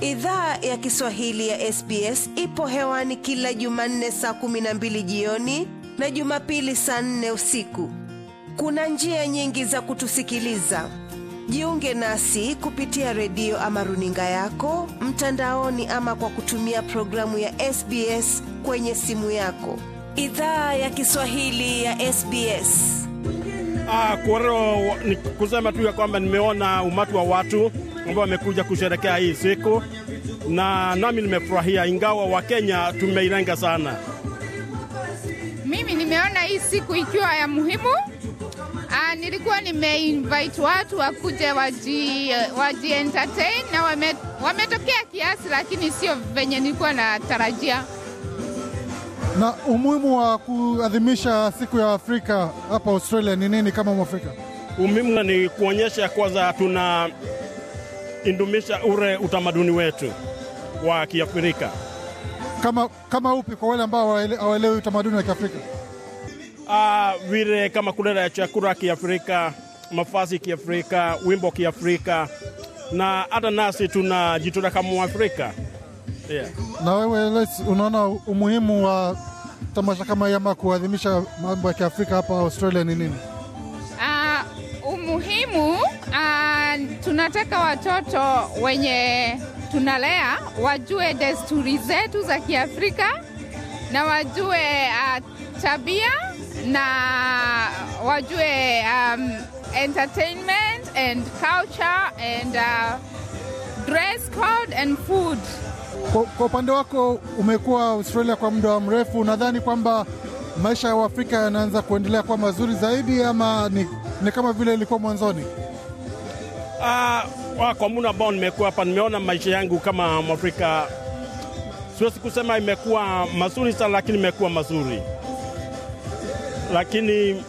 Idhaa ya Kiswahili ya SBS ipo hewani kila Jumanne saa kumi na mbili jioni na Jumapili saa nne usiku. Kuna njia nyingi za kutusikiliza. Jiunge nasi kupitia redio ama runinga yako mtandaoni, ama kwa kutumia programu ya SBS kwenye simu yako. Idhaa ya Kiswahili ya SBS. Ah, kwero ni kusema tu ya kwamba nimeona umati wa watu ambao wamekuja kusherekea hii siku, na nami nimefurahia, ingawa Wakenya tumeilenga sana. Mimi nimeona hii siku ikiwa ya muhimu. Aa, ah, nilikuwa nimeinvite watu wakuje waji, waji entertain na wametokea kiasi, lakini sio venye nilikuwa natarajia. Na umuhimu wa kuadhimisha siku ya Afrika hapa Australia ni nini kama Mwafrika? Umuhimu ni kuonyesha kwanza tuna indumisha ure utamaduni wetu wa Kiafrika. Kama, kama upi kwa wale ambao hawaelewi utamaduni wa Kiafrika? Ah, vile kama kulela ya chakula Kiafrika, mavazi Kiafrika, wimbo Kiafrika na hata nasi tunajitolea kama Mwafrika. Yeah. Na wewe unaona umuhimu wa tamasha kama yama kuadhimisha mambo ya Kiafrika hapa Australia ni nini? Uh, umuhimu tunataka watoto wenye tunalea wajue desturi zetu za Kiafrika na wajue uh, tabia na wajue um, entertainment and culture and uh, dress code and food. Kwa upande wako, umekuwa Australia kwa muda wa mrefu, unadhani kwamba maisha ya uafrika yanaanza kuendelea kuwa mazuri zaidi ama ni, ni kama vile ilikuwa mwanzoni? Uh, ah, kwa muda ambao nimekuwa hapa nimeona maisha yangu kama Mwafrika, siwezi kusema imekuwa mazuri sana, lakini imekuwa mazuri, lakini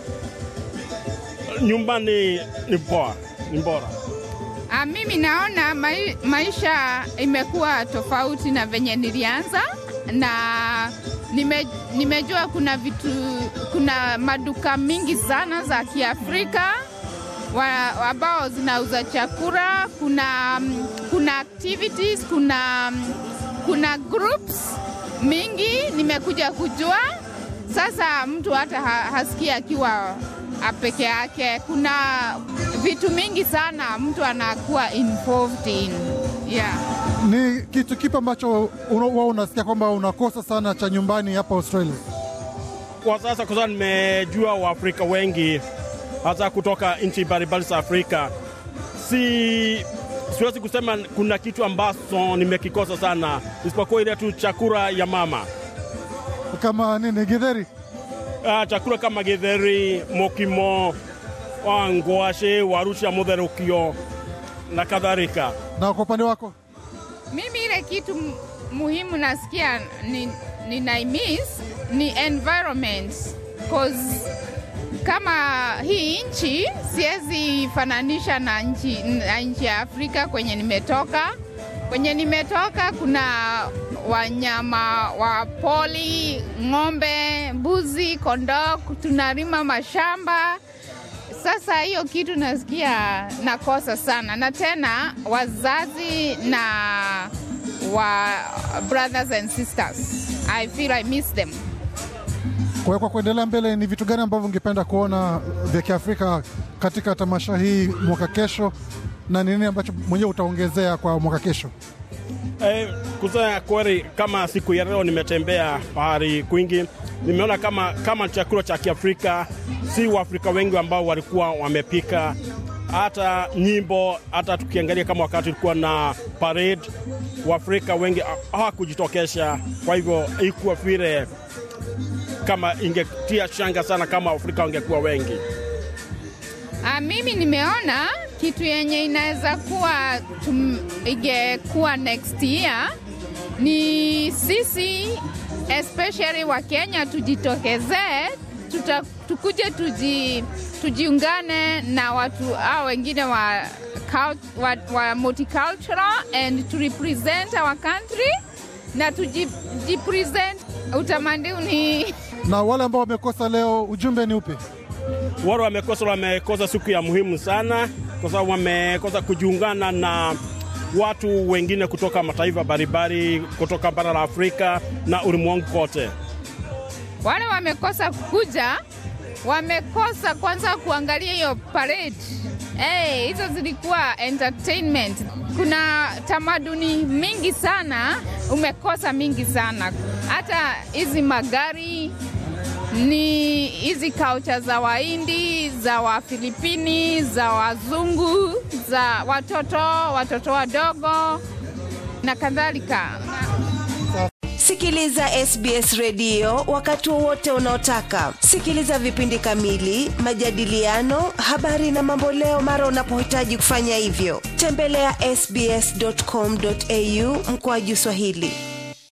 nyumbani ni poa, ni bora. Uh, mimi naona mai, maisha imekuwa tofauti na venye nilianza na nime, nimejua kuna vitu, kuna maduka mingi sana za Kiafrika wa, ambao zinauza chakula. Kuna, kuna activities, kuna, kuna groups mingi nimekuja kujua. Sasa mtu hata hasikia akiwa peke yake, kuna vitu mingi sana mtu anakuwa involved in yeah. Ni kitu kipi ambacho wao unasikia kwamba unakosa sana cha nyumbani hapa Australia kwa sasa? Kwa sababu nimejua Waafrika wengi hasa kutoka nchi mbalimbali za Afrika. Si siwezi kusema kuna kitu ambacho nimekikosa sana, isipokuwa ile tu chakula ya mama kama nini githeri. Uh, chakula kama githeri, mokimo, ah, ngwashe, warushi ya mutherukio na kadhalika. Na kwa upande wako? Mimi ile kitu muhimu nasikia ni, ni, naimis ni environment cause kama hii nchi siwezi fananisha na nchi, na nchi ya Afrika kwenye nimetoka. Kwenye nimetoka kuna wanyama wa poli, ng'ombe, mbuzi, kondoo, tunarima mashamba. Sasa hiyo kitu nasikia nakosa sana, na tena wazazi na wa brothers and sisters, I feel I miss them. Kwa, kwa kuendelea mbele, ni vitu gani ambavyo ungependa kuona vya Kiafrika katika tamasha hii mwaka kesho, na ni nini ambacho mwenyewe utaongezea kwa mwaka kesho? Eh, kusema kweli, kama siku ya leo nimetembea pahali kwingi, nimeona kama, kama chakula cha Kiafrika si Waafrika wengi ambao walikuwa wamepika hata nyimbo. Hata tukiangalia kama wakati ulikuwa na parade, Waafrika wengi hawakujitokesha. Kwa hivyo ikuwa vile kama ingetia shanga sana kama Afrika wangekuwa wengi. A, ah, mimi nimeona kitu yenye inaweza kuwa ingekuwa next year ni sisi especially wa Kenya tujitokezee, tukuje tuji, tujiungane na watu hao wengine wa, wa, wa multicultural and to represent our country na tujipresent utamaduni Na wale ambao wamekosa leo, ujumbe ni upi? Wale wamekosa, wamekosa siku ya muhimu sana, kwa sababu wamekosa kujiungana na watu wengine kutoka mataifa mbalimbali kutoka bara la Afrika na ulimwengu kote. Wale wamekosa kuja, wamekosa kwanza kuangalia hiyo parade hizo. Hey, zilikuwa entertainment. Kuna tamaduni mingi sana umekosa, mingi sana hata hizi magari ni hizi kaucha za Wahindi, za Wafilipini, za wazungu, za watoto, watoto wadogo na kadhalika. Sikiliza SBS redio wakati wowote unaotaka. Sikiliza vipindi kamili, majadiliano, habari na mamboleo mara unapohitaji kufanya hivyo. Tembelea ya sbs.com.au mkoaji Swahili.